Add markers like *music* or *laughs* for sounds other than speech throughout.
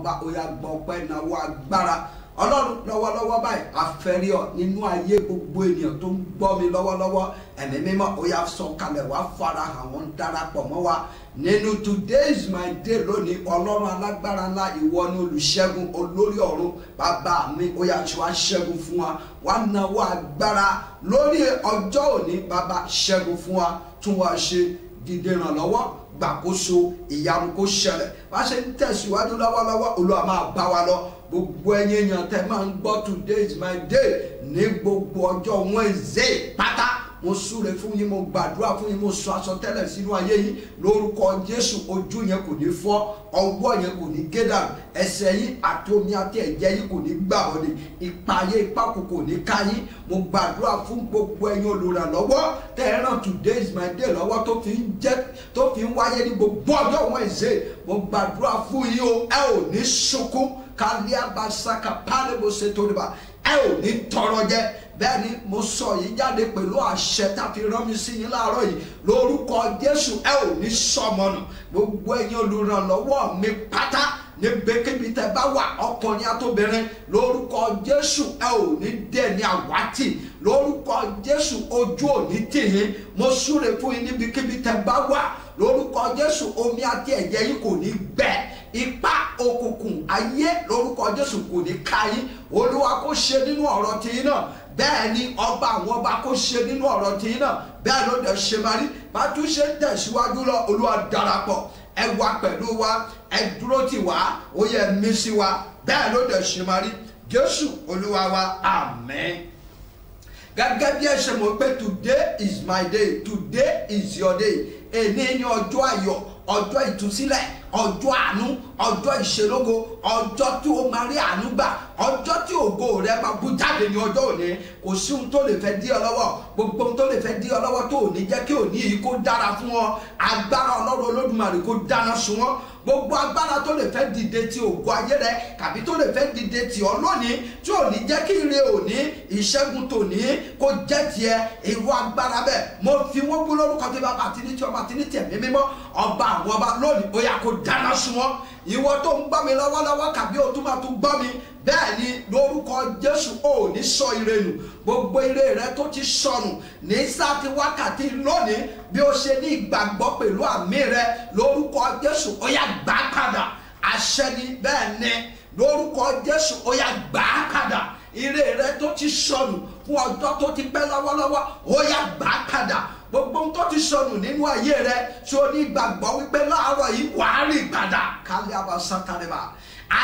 ọba oya gbọ́ ọpẹ́ náwó agbára ọlọ́run lọ́wọ́lọ́wọ́ báyìí àfẹ́rí ọ nínú ayé gbogbo ènìyàn tó ń gbọ́ mi lọ́wọ́lọ́wọ́ ẹ̀mí mímọ́ oya sọ̀kalẹ̀ wá fara hàn wọ́n darapọ̀ mọ́ wa nínú today is my day lónìí ọlọ́run alágbára ńlá ìwọ ni olùṣẹ́gun olórí ọ̀run bàbá mi oya tí wàá ṣẹ́gun fún wa wàá nawọ́ agbára lórí ọjọ́ òní bàbá ṣẹ́gun fún wa tún wá ṣe dìde ràn lọ́wọ́ gbàkóso ìyanu kó ṣẹlẹ̀ bá ṣe ń tẹ̀síwájú lọ́wọ́lọ́wọ́ olúwa máa bá wa lọ gbogbo ẹ̀yin èèyàn tẹ́ máa ń gbọ́ today is my day ní gbogbo ọjọ́ Wednesday pátá mo súre fún yín mo gbàdúrà fún yín mo sọ àsọtẹ́lẹ̀ sínú ayé yín lórúkọ Jésù ojú yẹn kò ní fọ́ ọwọ́ yẹn kò ní gé dànù ẹsẹ̀ yín àti omi àti ẹ̀jẹ̀ yín kò ní gbà ọ́ ni ipa ayé ipa kò kò ní ká yín mo gbàdúrà fún gbogbo ẹ̀yin olùrànlọ́wọ́ tẹ́ ẹ today is my day lọ́wọ́ tó fi ń jẹ́ tó fi ń wáyé ní gbogbo ọjọ́ Wednesday mo gbàdúrà fún yín o ẹ ò ní sunkún kálíàbásákà pálíbó ṣètò ìdìbà ẹ ò ní tọrọ jẹ bẹ́ẹ̀ ni mo sọ yìí jáde pẹ̀lú àṣẹ tàbí rán mi sí yín láàárọ̀ yìí lórúkọ Jésù ẹ ò ní sọmọnà gbogbo ẹ̀yin olùrànlọ́wọ́ mi pátá níbikíbi tẹ́ bá wà ọkùnrin àtobìnrin lórúkọ Jésù ẹ ò ní dẹ̀ ní àwátì lórúkọ Jésù ojú ò ní tì yín mo súre fún yín níbikíbi tẹ́ bá wà lórúkọ Jésù omi àti ẹ̀jẹ̀ yín kò ní gbẹ ipa òkùnkùn ayé lórúkọ Jésù kò ní ká yín Olúwa kó ṣe nínú ọ̀rọ̀ tiyín náà bẹ́ẹ̀ ni ọba àwọn ọba kò ṣe nínú ọ̀rọ̀ tí náà bẹ́ẹ̀ ló dẹ̀ ṣe máa rí bá ń tẹ̀síwájú lọ olúwa darapọ̀ ẹ wà pẹ̀lú wa ẹ dúró tì wá ó yẹ mí sí wa bẹ́ẹ̀ ló dẹ̀ ṣe máa rí jésù olúwa wa àmín gẹ́gẹ́ bí ẹ ṣe mọ̀ pé today is my day today is your day èní ni ọjọ́ ayọ̀ ọjọ́ ìtúsílẹ̀ ọjọ́ àánú ọjọ́ ìṣelógo ọjọ́ tí ó máa rí àánú gbà ọjọ́ tí ògo rẹ máa bú jáde ní ọjọ́ òní kò sí ohun tó lè fẹ́ dí ọ lọ́wọ́ gbogbo ohun tó lè fẹ́ dí ọ lọ́wọ́ tó ò ní jẹ́ kí òní yìí kó dára fún ọ agbára ọlọ́run olódùmarè kó dáná sun wọn gbogbo agbára tó lè fẹ́ dìde ti ògo ayé rẹ tàbí tó lè fẹ́ dìde ti ọ lónìí tí ò ní jẹ́ kí ire òní ìṣẹ́gun tòní kó jẹ́ tiẹ̀ ìwọ agbára bẹ́ẹ̀ mo fi wọ́n bú lórúkọ tí bàbá àti ní tí ọba àti ní tí ẹ̀mí ọba àwọn ọba lónìí ó yá kó dáná sun wọn ìwọ tó ń gbọ́ mi lọ́wọ́lọ́wọ́ kàbí o tún máa tún gbọ́ mi bẹ́ẹ̀ ni lórúkọ Jésù ò ní sọ ire nù gbogbo ire rẹ tó ti sọnù ní sáti wákàtí lónìí bí o ṣe ní ìgbàgbọ́ pẹ̀lú àmì rẹ lórúkọ Jésù ó yá gbà padà àṣẹ ni bẹ́ẹ̀ ni lórúkọ Jésù ó yá gbà padà ire rẹ tó ti sọnù fún ọjọ́ tó ti pẹ́ lọ́wọ́lọ́wọ́ ó yá gbà padà gbogbo nǹkan ti sọnù nínú ayé rẹ tí o ní gbàgbọ́ wípé láàárọ̀ yìí wàá rí padà kálí abasátálẹ́bà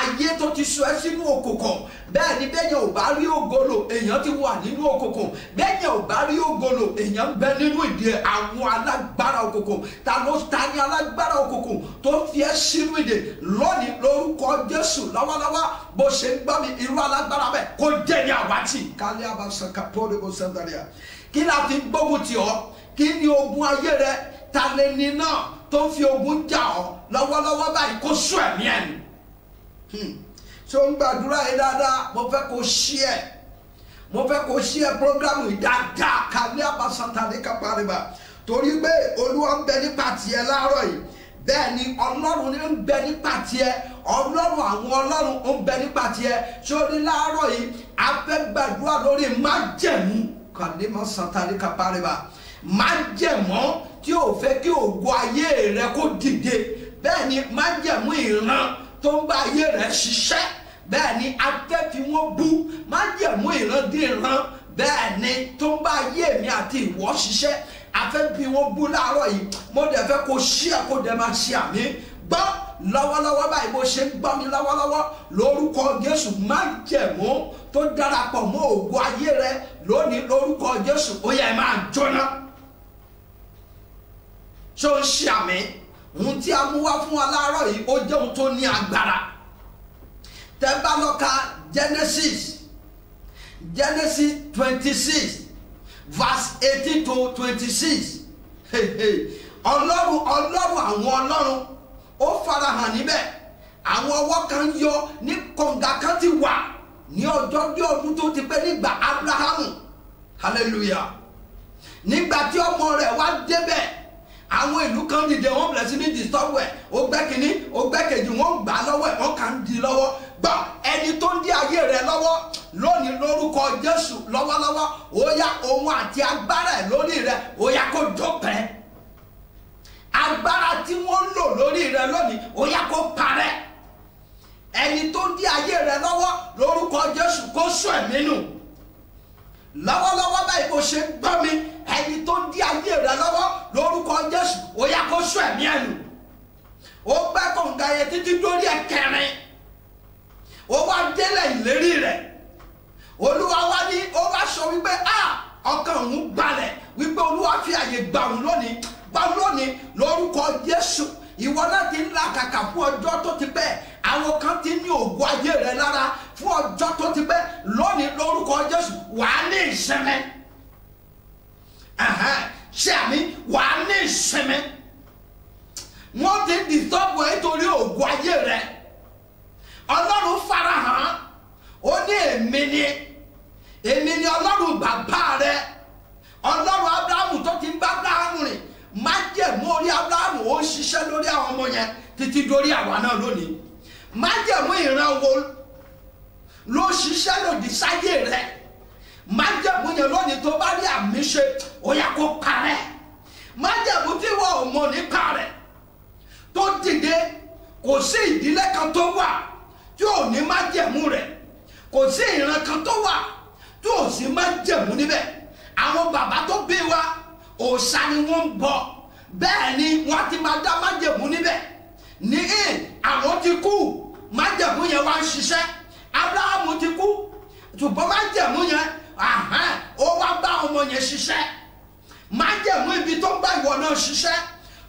ayé tó ti sọ ẹ́ sínú òkùnkùn bẹ́ẹ̀ ni bẹ́ẹ̀ yẹn ò bá rí ògolo èèyàn ti wà nínú òkùnkùn bẹ́ẹ̀ yẹn ò bá rí ògolo èèyàn ń bẹ nínú ìdè àwọn alágbára òkùnkùn ta ló ta ni alágbára òkùnkùn tó fi ẹ́ sínú ìdè lónìí lórúkọ Jésù lọ́wọ́lọ́wọ́ bó ṣe ń gbá mi irú alágbára bẹ́ẹ̀ kó jẹ́ ní àwátì kálí abasa kapori bó sẹ́ńtàríà kí la fi gbógun tì ọ́ kí ni ogun ayé rẹ ta lẹni náà tó fi ogun jà ọ́ lọ́wọ́lọ́wọ́ báyìí kó sún ẹ̀mí ẹ̀mí ṣé o ń gbàdúrà yìí dáadáa mo fẹ́ kó ṣí ẹ̀ mo fẹ́ kó ṣí ẹ̀ programu yìí dáadáa ká ní abasata ní kápárìbà torí pé olúwa ń bẹ nípa tiẹ̀ láàárọ̀ yìí bẹ́ẹ̀ ni ọlọ́run ní ń bẹ nípa tiẹ̀ ọlọ́run àwọn ọlọ́run ń bẹ nípa tiẹ̀ sórí láàárọ̀ yìí a fẹ́ gbàdúrà lórí májẹ̀mú kàdémọ̀ santari kápárìbà májẹ̀mọ́ tí o fẹ́ kí ògo ayé rẹ kó dìde bẹ́ẹ̀ ni májẹ̀mú ìran tó ń gba ayé rẹ̀ ṣiṣẹ́ bẹ́ẹ̀ ni afẹ́fiwọ́n bú májẹ̀mú ìrandí ìran bẹ́ẹ̀ ni tó ń bá ayé mi àti ìwọ ṣiṣẹ́ afẹ́fiwọ́n bú láàárọ̀ yìí mo dẹ̀ fẹ́ kó ṣí ẹ̀ kó dẹ̀ máa ṣe àmì gbọ́ lọ́wọ́lọ́wọ́ báyìí bó ṣe ń gbọ́ mi lọ́wọ́lọ́wọ́ lórúkọ Jésù májẹ̀mú tó darapọ̀ mọ́ ògo ayé rẹ lónìí lórúkọ Jésù ó yẹ máa jóná ṣó ń ṣe àmì ohun tí a mú wá fún wa láàárọ̀ yìí ó jẹ́ ohun tó ní agbára tẹ́ Genesis Genesis twenty six verse eighteen to twenty six ọlọ́run ọlọ́run àwọn ọlọ́run ó farahàn níbẹ̀ àwọn ọwọ́ kan yọ ní kọ̀ǹga kan ti wà ní ọjọ́ bí ọdún tó ti pẹ́ nígbà Abrahamu hallelujah nígbà tí ọmọ rẹ̀ wá débẹ̀ àwọn ìlú kan dìde wọ́n bẹ̀rẹ̀ sí ní disturb ẹ̀ ó gbẹ́ kínní ó gbẹ́ kejì wọ́n gbà á lọ́wọ́ ẹ̀ wọ́n kà ń di lọ́wọ́ gbọ́ ẹni tó ń dí ayé rẹ lọ́wọ́ lónìí lórúkọ Jésù lọ́wọ́lọ́wọ́ ó yá òun àti agbára ẹ̀ lórí rẹ ó yá kó dópin agbára tí wọ́n ń lò lórí rẹ lónìí ó yá kó parẹ́ ẹni tó ń dí ayé rẹ lọ́wọ́ lórúkọ Jésù kó sùn ẹ̀mí nù lọ́wọ́lọ́wọ́ báyìí bó ṣe ń gbọ́ mi ẹni tó ń dí ayé rẹ lọ́wọ́ lórúkọ Jésù ó yá kó sún ẹ̀mí ẹ̀nu ó gbẹ́ kọ̀ǹga yẹn títí dórí ẹ̀kẹrin ó wá délẹ̀ ìlérí rẹ̀ olúwa wá ní ó wá sọ wípé a ọkàn òun balẹ̀ wípé olúwa fi àyè gbà òun lónìí gbà lónìí lórúkọ Jésù ìwọ náà ti ń la kàkà fún ọjọ́ tó ti pẹ́ àwọn kan ti ní òògùn ayé rẹ lára fún ọjọ́ tó ti pẹ́ lónìí lórúkọ Jésù wàá ní ìsinmi ṣé àmì wàá ní ìsinmi wọ́n ti dìtọ́pù ẹ̀ torí ògùn ayé rẹ̀ ọlọ́run farahàn ó ní èmi ni èmi ni ọlọ́run bàbá rẹ̀ ọlọ́run abrahamu tó ti ń bá abrahamu rìn májẹ̀mú orí abrahamu ó ṣiṣẹ́ lórí àwọn ọmọ yẹn títí dórí àwa náà lónìí májẹ̀mú ìran wo ló ṣiṣẹ́ lòdì sáyé rẹ̀ májẹ̀mú yẹn lónìí tó bá rí àmì ṣe ó yẹ kó parẹ́ májẹ̀mú tí wọ́n ò mọ̀ nípa rẹ̀ tó dìde kò sí ìdílé kan tó wà tí ò ní májẹ̀mú rẹ̀ kò sí ìran kan tó wà tí ò sí májẹ̀mú níbẹ̀ àwọn bàbá tó bí wa òòṣà ni wọ́n ń bọ̀ bẹ́ẹ̀ ni wọ́n ti máa dá májẹ̀mú níbẹ̀ ní ìn àwọn ti kú májẹ̀mú yẹn wá ń ṣiṣẹ́ Ábúráhámù ti kú ṣùgbọ́n májẹ̀mú yẹn ó wá bá ọmọ yẹn ṣiṣẹ́ májẹ̀mú ibi tó ń bá ìwọ náà ṣiṣẹ́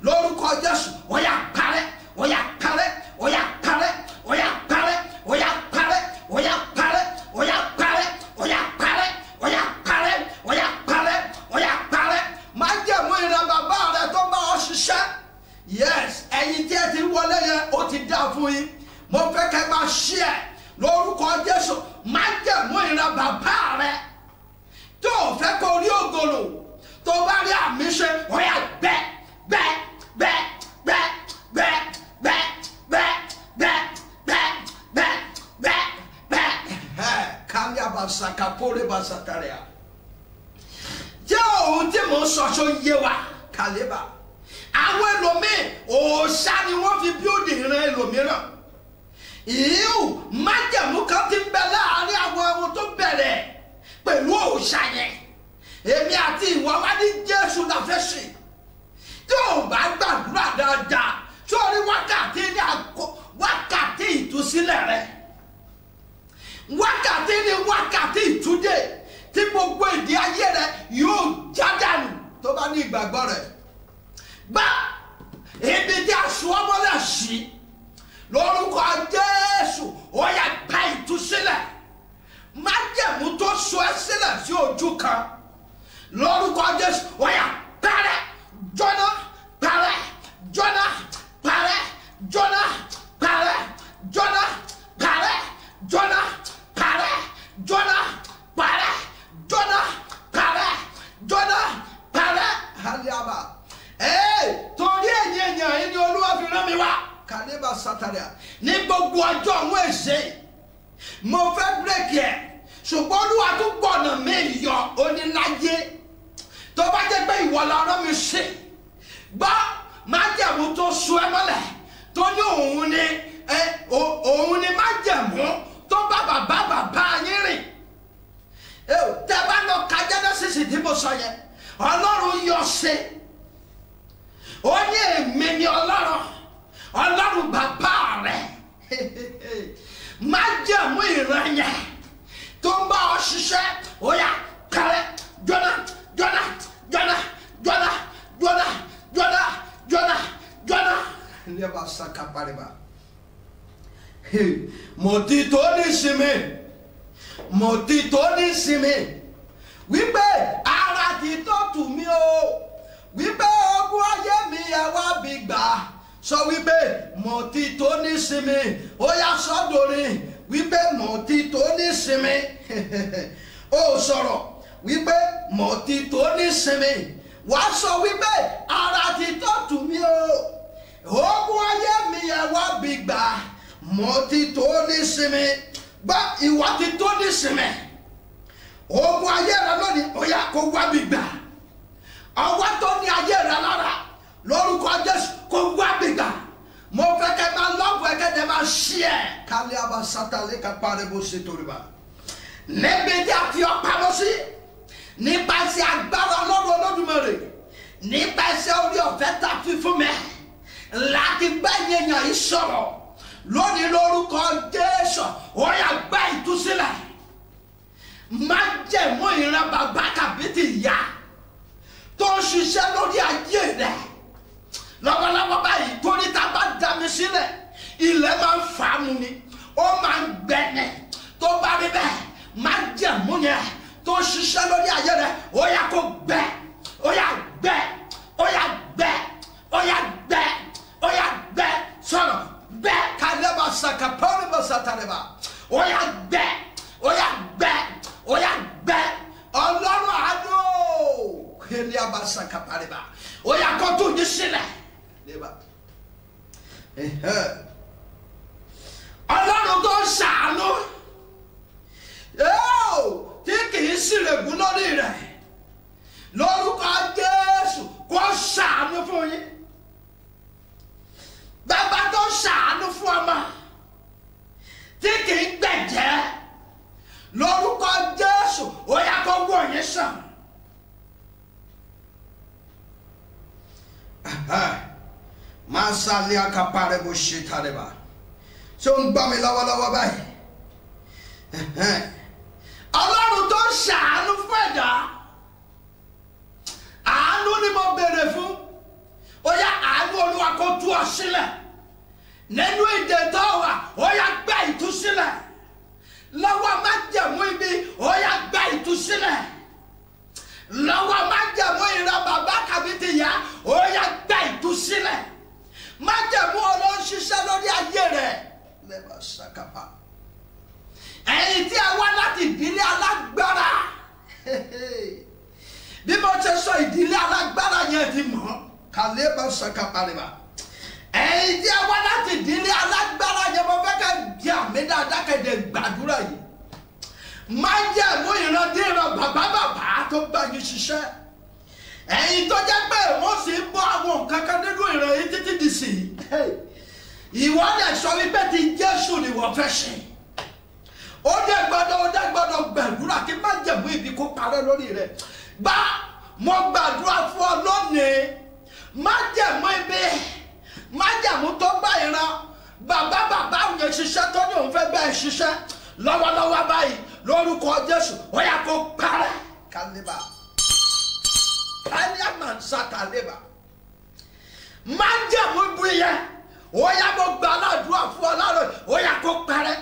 lórúkọ Jésù ó yá parẹ́ ó yá parẹ́ ó yá parẹ́ ó yá parẹ́ ó yá parẹ́ ó yá parẹ́ ó yá parẹ́ ó yá parẹ́ ó yá parẹ́ ó yá parẹ́ ó yá parẹ́ májẹ̀mú ìran bàbá rẹ tó bá ọ ṣiṣẹ́ yes ẹ̀yin tí ẹ ti wọlé yẹn ó ti dá fún yín mo fẹ́ kẹ́ bá ṣí ẹ̀ lórúkọ Jésù májẹ̀mú ìran bàbá rẹ tó o fẹ́ kó rí ògolo tó o bá rí àmì ṣe wọ́n yà gbẹ́ gbẹ́ gbẹ́ gbẹ́ gbẹ́ gbẹ́ gbẹ́ gbẹ́ gbẹ́ gbẹ́ gbẹ́ gbẹ́ kálí àbàṣàkà pórè bàṣàkà rẹ̀ à. jẹ́ òun tí mò ń sọ̀tún yé wa kàlébà àwọn ẹlòmíì òòṣà ni wọ́n fi bíódì ran ẹlòmíràn ìhù májẹ̀mú kan ti ń bẹ láàárín àwọn ohun tó bẹ̀rẹ̀ pẹ̀lú òòṣà yẹn èmi àti ìwọ wá ní jésù la fẹ́ ṣe tí ò bá gbàdúrà dáadáa sórí wákàtí ní àkó wákàtí ìtúsílẹ̀ rẹ wákàtí ní wákàtí ìtúdé tí gbogbo ìdí ayé rẹ yóò jádànù tó bá ní ìgbàgbọ́ rẹ gbá ibi tí aṣọ ọmọlẹ̀ sí lórúkọ jésù ó yá gba ìtúsílẹ̀ tí ojú kan lórúkọ jésù wáyà parẹ́ jóná parẹ́ jóná parẹ́ jóná parẹ́ jóná parẹ́ jóná parẹ́ jóná parẹ́ jóná parẹ́ jóná parẹ́ haliaba ee torí ẹ̀yin èèyàn yìí ni olúwa fi rán mi wá kàlíbà sátánà ní gbogbo ọjọ́ òun èsè mo fẹ́ bírèkì ẹ̀ ṣùgbọ́n olúwa tún gbọ̀nà mẹ́rin yọ oníláyé tó bá jẹ́ pé ìwọ la rán mi ṣe gbọ́ májẹ̀mú tó so ẹ mọ́lẹ̀ tó ní òun ni òun ni májẹ̀mú tó bá bàbá bàbá yín rìn tẹ bá lọ ka Genesis tí mo sọ yẹn ọlọ́run yọ ṣe ó ní èmi ni ọlọ́run ọlọ́run bàbá rẹ̀ *laughs* májẹ̀mú ìran tó ń bá ọ ṣiṣẹ́ ó yá kárẹ́ jọ́nà jọ́nà jọ́nà jọ́nà jọ́nà jọ́nà jọ́nà jọ́nà. ilé bá saka pariba mọ̀tí tó ní sinmi mọ̀tí tó ní sinmi wípé ara ti tó tù mí o wípé ogún ayé mi ẹ wá bí gbà sọ wípé mọ̀tí tó ní sinmi ó yá sọ́dọ̀ ni wípé mò ti tó ní sinmi ó *laughs* sọ̀rọ̀ wípé mò ti tó ní sinmi wàá sọ wípé ara ti tó tù mí o ogun ayé mi ẹ wá bí gbà mò ti tó ní sinmi gbá ìwà ti tó ní sinmi ogun ayé rẹ lónìí ó yá kó wá bí gbà ọwọ́ tó ní ayé rẹ lára lórúkọ Jésù kó wá bí gbà mo fẹ́ kẹ́ máa lọ́ọ̀bù ẹ kẹ́ tẹ́ máa ṣí ẹ̀ kálí àbá sátálẹ̀ ká parí bó ṣe torí bá níbi tí a fi ọ̀pá lọ sí nípasẹ̀ agbára ọlọ́run olódùmarè nípasẹ̀ orí ọ̀fẹ́ ta fi fún mi láti gbá ènìyàn yìí sọ̀rọ̀ lónìí lórúkọ jésù ó yá ìtúsílẹ̀ má jẹ̀mú ìran bàbá kàbí ti yá tó ń ṣiṣẹ́ lórí ayé rẹ̀ lọ́wọ́lọ́wọ́ báyìí torí tá a bá dami sílẹ̀ ilẹ̀ máa ń fà á mu ni ó máa ń gbẹ̀nẹ̀ tó bá rí bẹ́ẹ̀ máa jẹ̀mú yẹn tó ṣiṣẹ́ lórí ayé rẹ̀ ó yà kó gbẹ ó yà gbẹ ó yà gbẹ ó yà gbẹ ó yà gbẹ sọ̀rọ̀ gbẹ kálẹ́bà sàkàpọ́nì bọ̀ sàtàlẹ́bà ó yà gbẹ ó yà gbẹ ó yà gbẹ ọlọ́run àádó kéré abasakapariba ó yà kó tó yín sílẹ̀ débà. ọlọ́run tó ṣàánú tí kì í ṣìrègùn lórí rẹ̀ lórúkọ jésù kó ṣàánú fún yín bàbá tó ṣàánú fún ọmọ tí kì í gbẹ̀jẹ́ lórúkọ jésù ó yá kó wọ̀nyí sàn. masalia kapare bó ṣe tàdé bá ṣé ó ń gbà mí lọ́wọ́lọ́wọ́ báyìí ọlọ́run tó ń ṣàánú fún ẹ̀dá àánú ni mo béèrè fún ó yá àánú olúwa kó tú ọ sílẹ̀ nínú ìdè tó wà ó yá gba ìtúsílẹ̀ lọ́wọ́ májẹ̀mú ibi ó yá gba ìtúsílẹ̀ lọ́wọ́ májẹ̀mú ìran bàbá kàbí ti yá ó yá gba ìtúsílẹ̀ májẹ̀mú ọlọ́run ṣiṣẹ́ lórí ayé rẹ̀ lẹ́bà ṣàkàpà ẹ̀yin tí a wá láti ìdílé alágbára bí mo ṣe sọ ìdílé alágbára yẹn ti mọ̀ kàlẹ́bà ṣàkàpà rẹ̀ bá ẹ̀yin tí a wá láti ìdílé alágbára yẹn mo fẹ́ ká di àmì dáadáa kẹ̀dẹ̀ gbàdúrà yìí májẹ̀mú ìrandíran bàbá bàbá tó bá yín ṣiṣẹ́ ẹ̀yin tó jẹ́ pé wọ́n sì ń bọ́ àwọn nǹkan kan nínú ìran yìí títí di sí i ìwọ lè sọ wípé ti Jésù ni wọ́n fẹ́ ṣe ó dẹ̀ gbọ́dọ̀ ó dẹ̀ gbọ́dọ̀ gbàdúrà kí má jẹ̀mú ibi kó parẹ́ lórí rẹ̀ gbá mo gbàdúrà fún ọ lónìí má jẹ̀mú ibi má jẹ̀mú tó bá ìran bàbá bàbá òye ṣiṣẹ́ tó ní òun fẹ́ bẹ́ẹ̀ ṣiṣẹ́ lọ́wọ́lọ́wọ́ báyìí lórúkọ Jésù ó yá kó parẹ́ kálíbà paliaman sataleba májàmú buyẹ ó yá mo gbà aládùúgbò fún ọ láròyìn ó yá kó parẹ́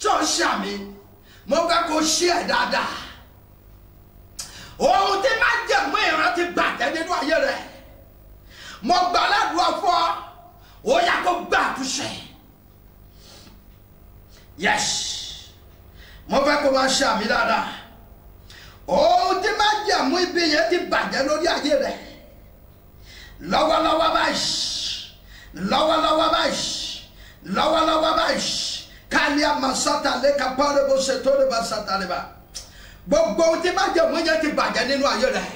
tó ń ṣàmì mo fẹ́ kó ṣí ẹ̀ dáadáa ohun tí má jẹ̀mú ìran ti bàjẹ́ nínú ayé rẹ̀ mo gbà ládùúgbò fọ́ ó yá kó gbà àtúnṣe yes mo fẹ́ kó máa ṣàmì dáadáa ohun tí má jẹ̀mú ibi yẹn ti bàjẹ́ lórí ayé rẹ̀ lọ́wọ́lọ́wọ́ báyìí lọ́wọ́lọ́wọ́ báyìí lọ́wọ́lọ́wọ́ báyìí kálíà masata lẹ́ka pàrọ̀bù ṣètò lè bá sata lè bá gbogbo tí bàjẹ́ mú yẹn ti bàjẹ́ nínú ayé rẹ̀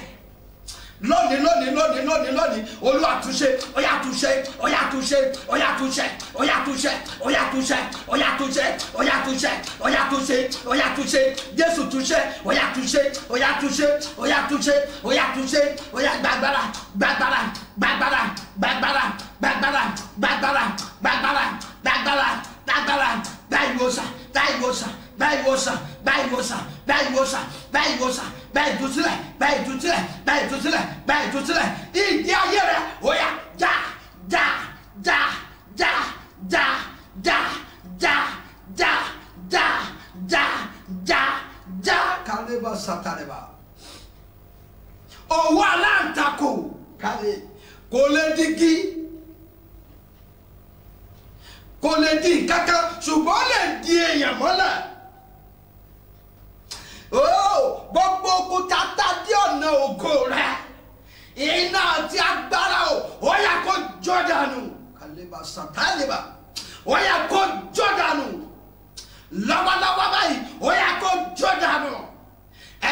lónìí lónìí lónìí lónìí lónìí olú àtúnṣe ọyà àtúnṣe ọyà àtúnṣe ọyà àtúnṣe ọyà àtúnṣe ọyà àtúnṣe ọyà àtúnṣe ọyà àtúnṣe ọyà àtúnṣe ọyà àtúnṣe jésù túnṣe ọyà àtúnṣe ọyà àtúnṣe ọyà àtúnṣe ọyà àtúnṣe ọyà gbàgbára gbàgbára gbàgbára gbàgbára gbàgbára gbàgbára gbàgbára gbàgbára lágbára gba ìwòsàn gba ìwòsàn gba ìwòsàn gba ìwòsàn gba ìwòsàn gba ìwòsàn gba ìtúsílẹ̀ gba ìtúsílẹ̀ gba ìtúsílẹ̀ gba ìtúsílẹ̀ ìdí ayé rẹ òyà já já já já já já já já já já já já kálíbà sátálíbà owó aláǹtakò kálí digi kò lè di kankan ṣùgbọ́n ó lè di èèyàn mọ́lẹ̀ oh, gbogbo òkúta tá a dé ọ̀nà ògo rẹ iná àti agbára o ó yá kó jọ dànù kàlébà sàtàlébà ó yá kó jọ dànù lọ́wọ́lọ́wọ́ báyìí ó yá kó jọ dànù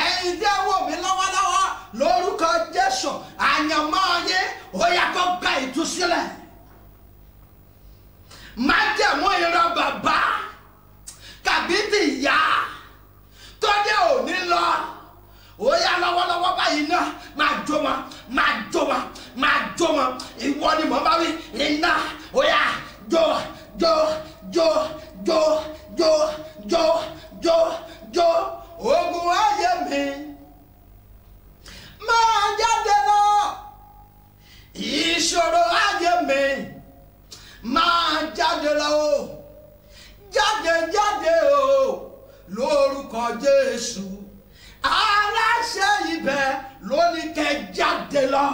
ẹ̀yin tí ẹ wò mí lọ́wọ́lọ́wọ́ lórúkọ Jésù àyànmọ́ yé ó yá kó gba ìtúsílẹ̀ májẹ̀mú ìran bàbá tàbí ti yá tó dé òní lọ ó yá lọ́wọ́lọ́wọ́ báyìí náà máa jó wọn máa jó wọn máa jó wọn ìwọ ni mò ń bá wí iná ó yá jó jó jó jó jó jó jó jó ogun ayé mi máa jáde lọ ìṣòro ayé mi máa jáde lọ o jáde jáde o lórúkọ Jésù aláṣẹ ibẹ̀ lóní kẹ́ jáde lọ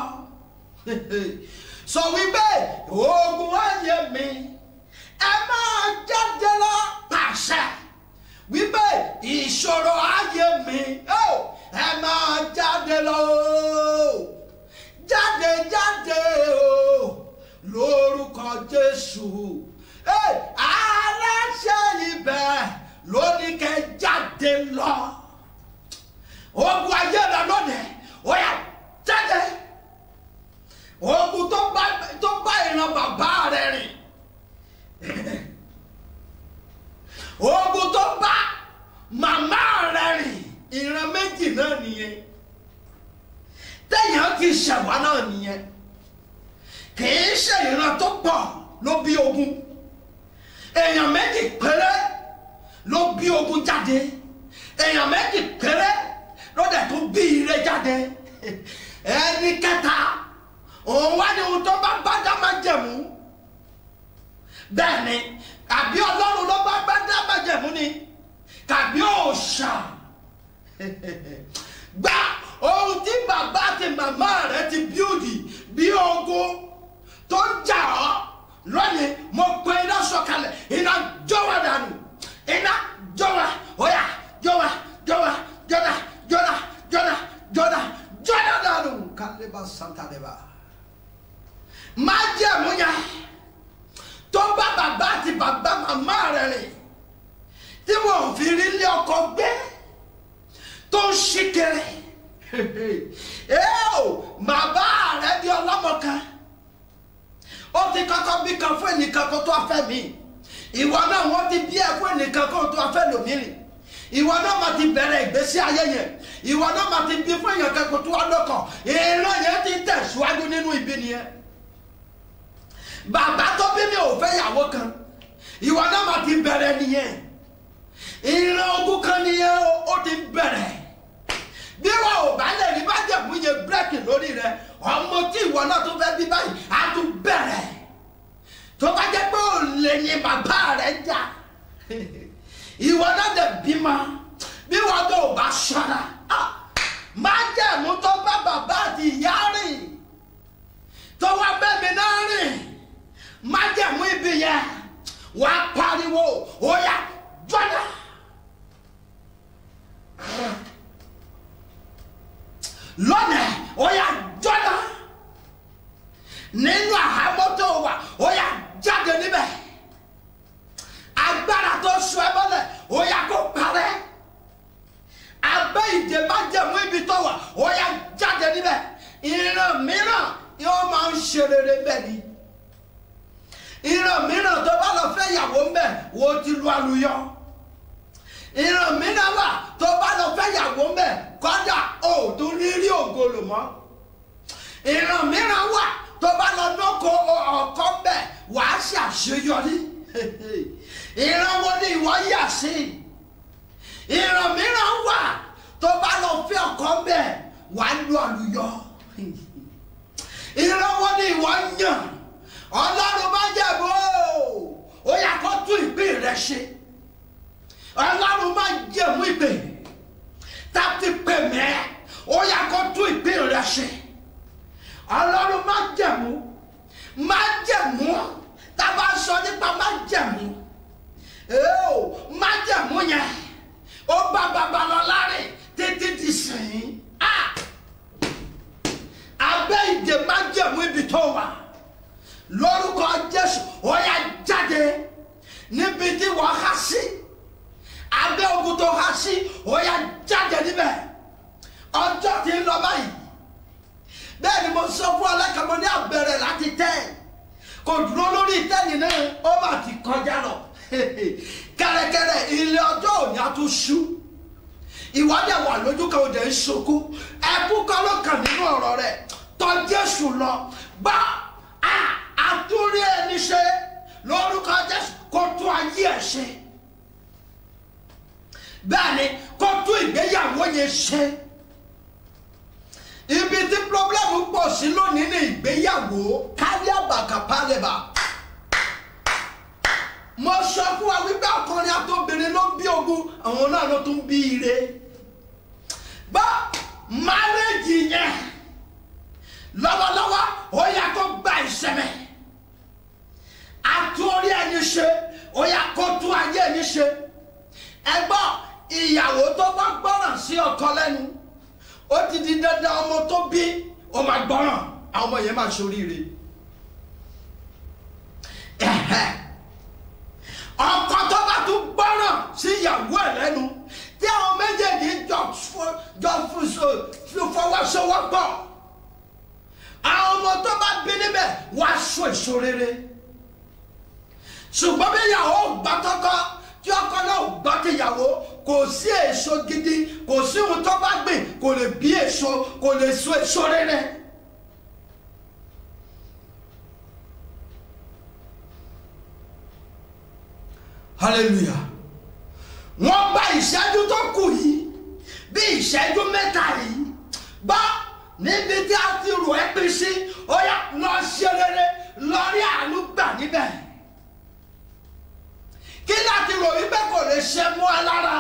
*laughs* sọ wípé oògùn ayé mi ẹ máa jáde lọ pàṣẹ wípé ìṣòro ayé mi ẹ máa jáde lọ o jáde jáde o lórúkọ jésù aláṣẹ ibẹ̀ lónìí kẹ́ jáde lọ ogun ayé rẹ lónìí ó yá jáde ogun tó bá ìran bàbá rẹ rìn ogun tó bá màmá rẹ rìn ìran méjì náà nìyẹn téèyàn ti ṣẹ̀wá náà nìyẹn kìí ṣe ìran tó pọ̀ ló bí ogun èèyàn méjì péré ló bí ogun jáde èèyàn méjì péré ló dẹ̀ tún bí ire jáde ẹni kẹta òun wá ní ohun tó bá bá dá máa jẹ̀mú bẹ́ẹ̀ ni àbí ọlọ́run ló bá bá dá máa jẹ̀mú ni tàbí òòṣà gba ohun tí bàbá àti màmá rẹ ti bíòdì bí ogun tó ń jà ọ́ lónìí mo gbé iná sọ̀kalẹ̀ iná jọ̀wọ́ dànù iná jọ̀wọ́ ọ̀yà jọ̀wọ́ jọ̀wọ́ jọ̀dá jọ̀dá jọ̀dá jọ̀dá jọ̀dá dànù kálíbà leba. má jẹ́ múyà tó bá bàbá àti bàbá màmá rẹ̀ rìn tí wọn ò fi rí ilé ọkọ gbé tó ń ṣí kiri ẹ o bàbá rẹ̀ di ọlọ́mọ kan ó ti kọ́kọ́ bí kan fún ẹnìkan kó tó afẹ́ mi ìwọ náà wọ́n ti bí ẹ fún ẹnìkan kó tó afẹ́ lòmíràn ìwọ náà máa ti bẹ̀rẹ̀ ìgbésí ayé yẹn ìwọ náà máa ti bí fún èèyàn kẹ́kọ̀ọ́ tó wá lọ́kàn ìran yẹn ti tẹ̀síwájú nínú ibi nìyẹn bàbá tó bí mi ò fẹ́ ìyàwó kan ìwọ náà máa ti bẹ̀rẹ̀ nìyẹn ìran ogún kan nìyẹn ó ti bẹ̀rẹ̀ bírọ̀ ò bá lè rí májẹ̀mú yẹn bírèkì lórí rẹ ọmọ tí ìwọ náà tó fẹ́ bí báyìí á tún bẹ̀rẹ̀ tó bá jẹ́ pé olè ni bàbá rẹ̀ jà ìwọ náà dẹ̀ bímọ bí wọn tó ò bá ṣọ́ra májẹ̀mú tó bá bàbá àti ìyá rìn tó wá bẹ́mi náà rìn májẹ̀mú ibi yẹn wàá pariwo ó yá jọ́dá lọ́nà ó yá jọ́nà nínú àhámọ́ tó wà ó yá jáde níbẹ̀ agbára tó sọ ẹ mọ́lẹ̀ ó yá kó parẹ́ abẹ́ ìdè má jẹ̀mú ibi tó wà ó yá jáde níbẹ̀ ìran mìíràn yóò máa ń ṣe rere bẹ́ẹ̀ ni ìran mìíràn tó bá lọ fẹ́ ìyàwó ń bẹ̀ wo ti lu àlùyọ ìran mìíràn wà tó bá mọ́ ìran mìíràn wà tó bá lọ dọ́kọ̀ ọ̀kọ́ bẹ̀ wàá ṣàṣeyọrí ìran wo ni ìwọ yà sí ìran mìíràn wà tó bá lọ fi ọkọ bẹ̀ wàá lu àlùyọ ìran wo ni ìwọ yàn ọlọ́run bá jẹ̀ ó yà kó tún ìpín rẹ ṣe ọlọ́run máa jẹ̀mú ìpè tá a ti pè mẹ́ẹ́ ó yá kó tún ìpín rẹ ṣe ọlọ́run má jẹ̀mú má jẹ̀mú tá a bá sọ nípa má jẹ̀mú èèó má jẹ̀mú yẹn ó bá Babalọlá rìn títí di sìn abẹ́ ìdè má jẹ̀mú ibi tó wà lórúkọ Jésù ó yá jáde níbi tí wọ́n há sí abẹ́ ogun tó há sí ó yá jáde níbẹ̀ ọjọ́ ti ń lọ báyìí bẹ́ẹ̀ ni mo sọ fún alákàmọ́ ní àbẹ̀rẹ̀ láti tẹ́ kò dúró lórí ìtẹ́ni náà ó mà ti kọjá lọ *laughs* kẹrẹkẹrẹ ilé ọjọ́ òní àtúnṣú ìwádìí wà lójú kan òde ń ṣokú ẹkú kan ló kàn nínú ọ̀rọ̀ rẹ̀ tọ́ Jésù lọ gbá àtúrí ẹni ṣe lórúkọ Jésù kó tún ayé ẹ̀ ṣe bẹ́ẹ̀ ni kó tún ìgbéyàwó yẹn ṣe ibi tí pírọ́blẹ́mù pọ̀ sí lónìí ní ìgbéyàwó káríàbà kàpálẹ̀bà mo sọ fún wa wípé ọkùnrin àtobìnrin ló ń bí ogun àwọn náà ló tún bí ire bá márẹ́jì yẹn lọ́wọ́lọ́wọ́ ó yẹ kó gba ìṣẹ̀mẹ̀ àtúnrí ẹni ṣe ó yẹ kó tún ayé ẹni ṣe ẹgbọ́n ìyàwó tó bá gbọ́ràn sí ọkọ lẹ́nu ó ti di dandan ọmọ tó bí ó máa gbọ́ràn àwọn ọmọ yẹn máa ṣoríire. ọkọ tó bá tún gbọ́ràn sí ìyàwó ẹ̀ lẹ́nu tí àwọn méjèèjì jọ fọwọ́sowọ́pọ̀ àwọn ọmọ tó bá bí níbẹ̀ wàá so èso ṣùgbọ́n bí ìyàwó gbàtọ́kọ́ tí ọkọ náà gbọ́ tìyàwó kò sí èso gidi kò sí ohun tó bá gbìn kò lè bí èso kò lè so èso rere. hallelujah wọ́n bá ìṣẹ́jú tó kù yìí bí ìṣẹ́jú mẹ́ta yìí bá níbi tí a ti rò ẹ́ pín sí ó yá lọ ṣe rere lọ rí àánú gbà níbẹ̀ kí láti rò wípé kò lè ṣe mọ́ ẹ lára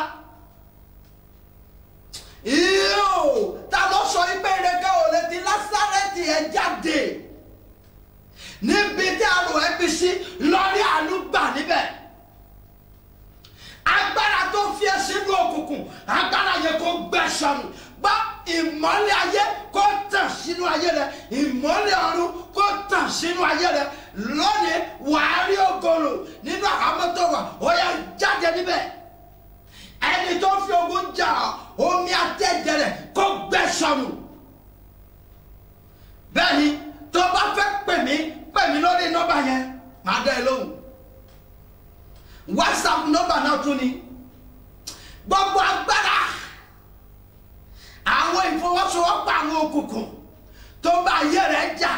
yóò ta ló sọ wípé ìrẹ́kẹ́ ò lè ti lásàrẹ́tì ẹ jáde níbi tí a rò ẹ́ fi sí lọ́rí àánú gbà níbẹ̀ agbára tó fi ẹ́ sínú òkùnkùn agbára yẹn kó gbẹ sọnù bá ìmọ́lẹ̀ ayé kó tàn sínú ayé rẹ ìmọ́lẹ̀ ọ̀run kó tàn sínú ayé rẹ lónìí níbẹ̀ ẹni tó fi ogun jà omi atẹ́jẹ rẹ̀ kó gbẹ sọnù bẹ́ẹ̀ ni tó bá fẹ́ pè mí pè mí lórí nọ́mbà yẹn màá dá ẹ lóhùn whatsapp nọ́mbà náà tún ni gbogbo agbára àwọn ìfọwọ́sowọ́pọ̀ àwọn òkùnkùn tó bá ayé rẹ̀ jà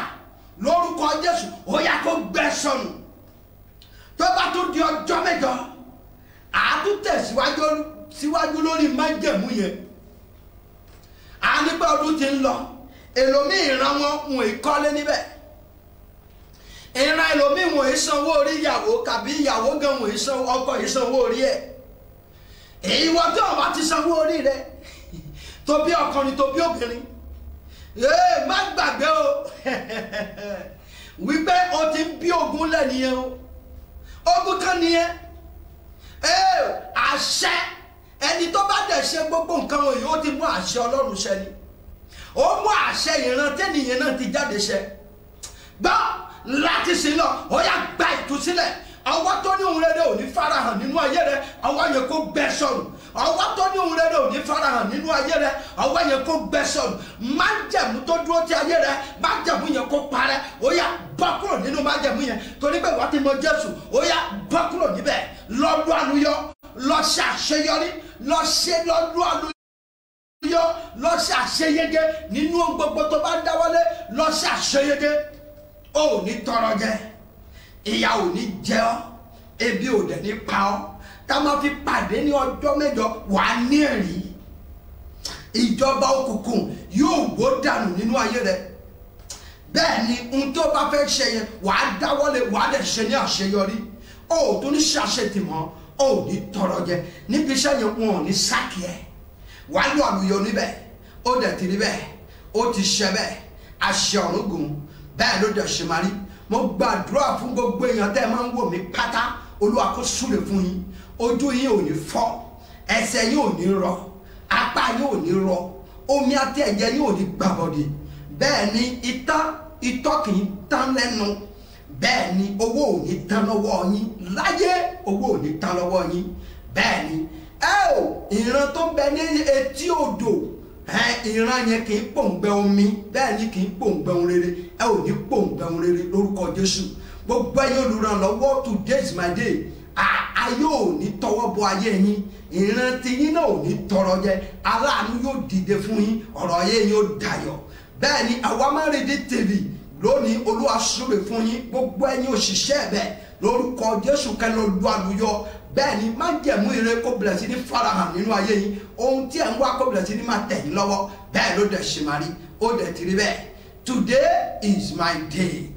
lórúkọ Jésù ó yá kó gbẹ sọnù tó bá tún di ọjọ́ mẹ́jọ àtúntẹ̀síwájú síwájú lórí májẹ̀mú yẹn a nígbà ọdún ti ń lọ èlòmíì ìran wọn wọn ìkọ́lé níbẹ̀ ìran èlòmíì wọn ìsanwó orí ìyàwó kàbí ìyàwó gan wọn ìsanwó ọkọ ìsanwó orí ẹ̀ ìwọ tí ọba ti sanwó orí rẹ tó bí ọkùnrin tó bí obìnrin ee má gbàgbé o *laughs* wípé o ti ń bí ogun lẹ́nìyẹn o ogun kan nìyẹn àṣẹ ẹni tó bá dẹ̀ ṣe gbogbo nǹkan wọ̀nyí ó ti mú àṣẹ ọlọ́run ṣẹ ni ó mú àṣẹ ìran tẹ́nìyàn náà ti jáde ṣẹ gbọ́ láti sin lọ ó yá gba ìtúsílẹ̀ ọwọ́ tó ní ohun rere ò ní farahàn nínú ayé rẹ ọwọ́ yẹn kó gbẹ sọ̀rọ̀ ọwọ́ tó ní ohun rere ò ní farahàn nínú ayé rẹ ọwọ́ yẹn kó gbẹ sọnù májẹ̀mú tó dúró ti ayé rẹ májẹ̀mú yẹn kó parẹ́ ó yá bọ́ kúrò nínú májẹ̀mú yẹn torí pé wọ́n ti mọ Jésù ó yá bọ́ kúrò níbẹ̀ lọ́dún àlùyọ lọ ṣe àṣeyọrí lọ ṣe lọ́dún àlùyọ yọ lọ ṣe àṣeyege nínú gbogbo tó bá dáwọ́lé lọ ṣe àṣeyege ó tọrọ jẹ ìyà ò jẹ ọ́ ebi ò dẹ̀ ní pa ọ́ tá a máa fi pàdé ní ọjọ́ mẹ́jọ wà á ní ẹ̀rí ìjọba òkùnkùn yóò wó dànù nínú ayé rẹ bẹ́ẹ̀ ni ohun tó bá fẹ́ ṣe yẹn wà á dáwọ́lé wà á lè ṣe ní àṣeyọrí o ò tún ní ṣàṣetì mọ́ o ò ní tọrọ jẹ níbi iṣẹ́ yẹn wọn ò ní sákì ẹ̀ wà á lọ àlùyọ níbẹ̀ ó dẹ̀ ti rí bẹ́ẹ̀ ó ti ṣẹ bẹ́ẹ̀ àṣẹ ọ̀run gùn bẹ́ẹ̀ ló dẹ̀ ṣe máa rí mo gbàdúrà fún gbogbo èèyàn tẹ́ ẹ máa ń wò mí pátá olúwa kó súre fún yín ojú yín ò ní fọ́ ẹsẹ̀ yín ò ní rọ apá yín ò ní rọ omi àti ẹ̀jẹ̀ yín ò ní gbàbọ̀dì bẹ́ẹ̀ ni itá itọ́ kì í tán lẹ́nu bẹ́ẹ̀ ni owó ò ní tán lọ́wọ́ yín láyé owó ò ní tán lọ́wọ́ yín bẹ́ẹ̀ ni ẹ ò ìran tó ń bẹ ní etí odò ìran yẹn kì í pòǹgbẹ omi bẹ́ẹ̀ ni kì í pòǹgbẹ ohun rere ẹ ò ní pòǹgbẹ ohun rere lórúkọ Jésù gbogbo ẹ̀yin olùrànlọ́wọ́ today is my day ayé ò ní tọwọ́ bọ ayé yín ìran tiyín náà ò ní tọrọ jẹ aláàánú yóò dìde fún yín ọ̀rọ̀ ayé yín ó dayọ̀ bẹ́ẹ̀ ni Àwámárèdé TV lónìí olúwa fún yín gbogbo ẹ̀yin òṣìṣẹ́ ẹ̀bẹ̀ lórúkọ Jésù kẹlẹ́ olú àlùyọ bẹ́ẹ̀ ni májẹ̀mú ire kó bẹ̀rẹ̀ sí ní farahàn nínú ayé yín ohun tí ẹ̀ ń wá kó bẹ̀rẹ̀ sí ní máa tẹ̀ lọ́wọ́ bẹ́ẹ̀ ló dẹ̀ ṣe máa ó dẹ̀ ti bẹ́ẹ̀ today is my day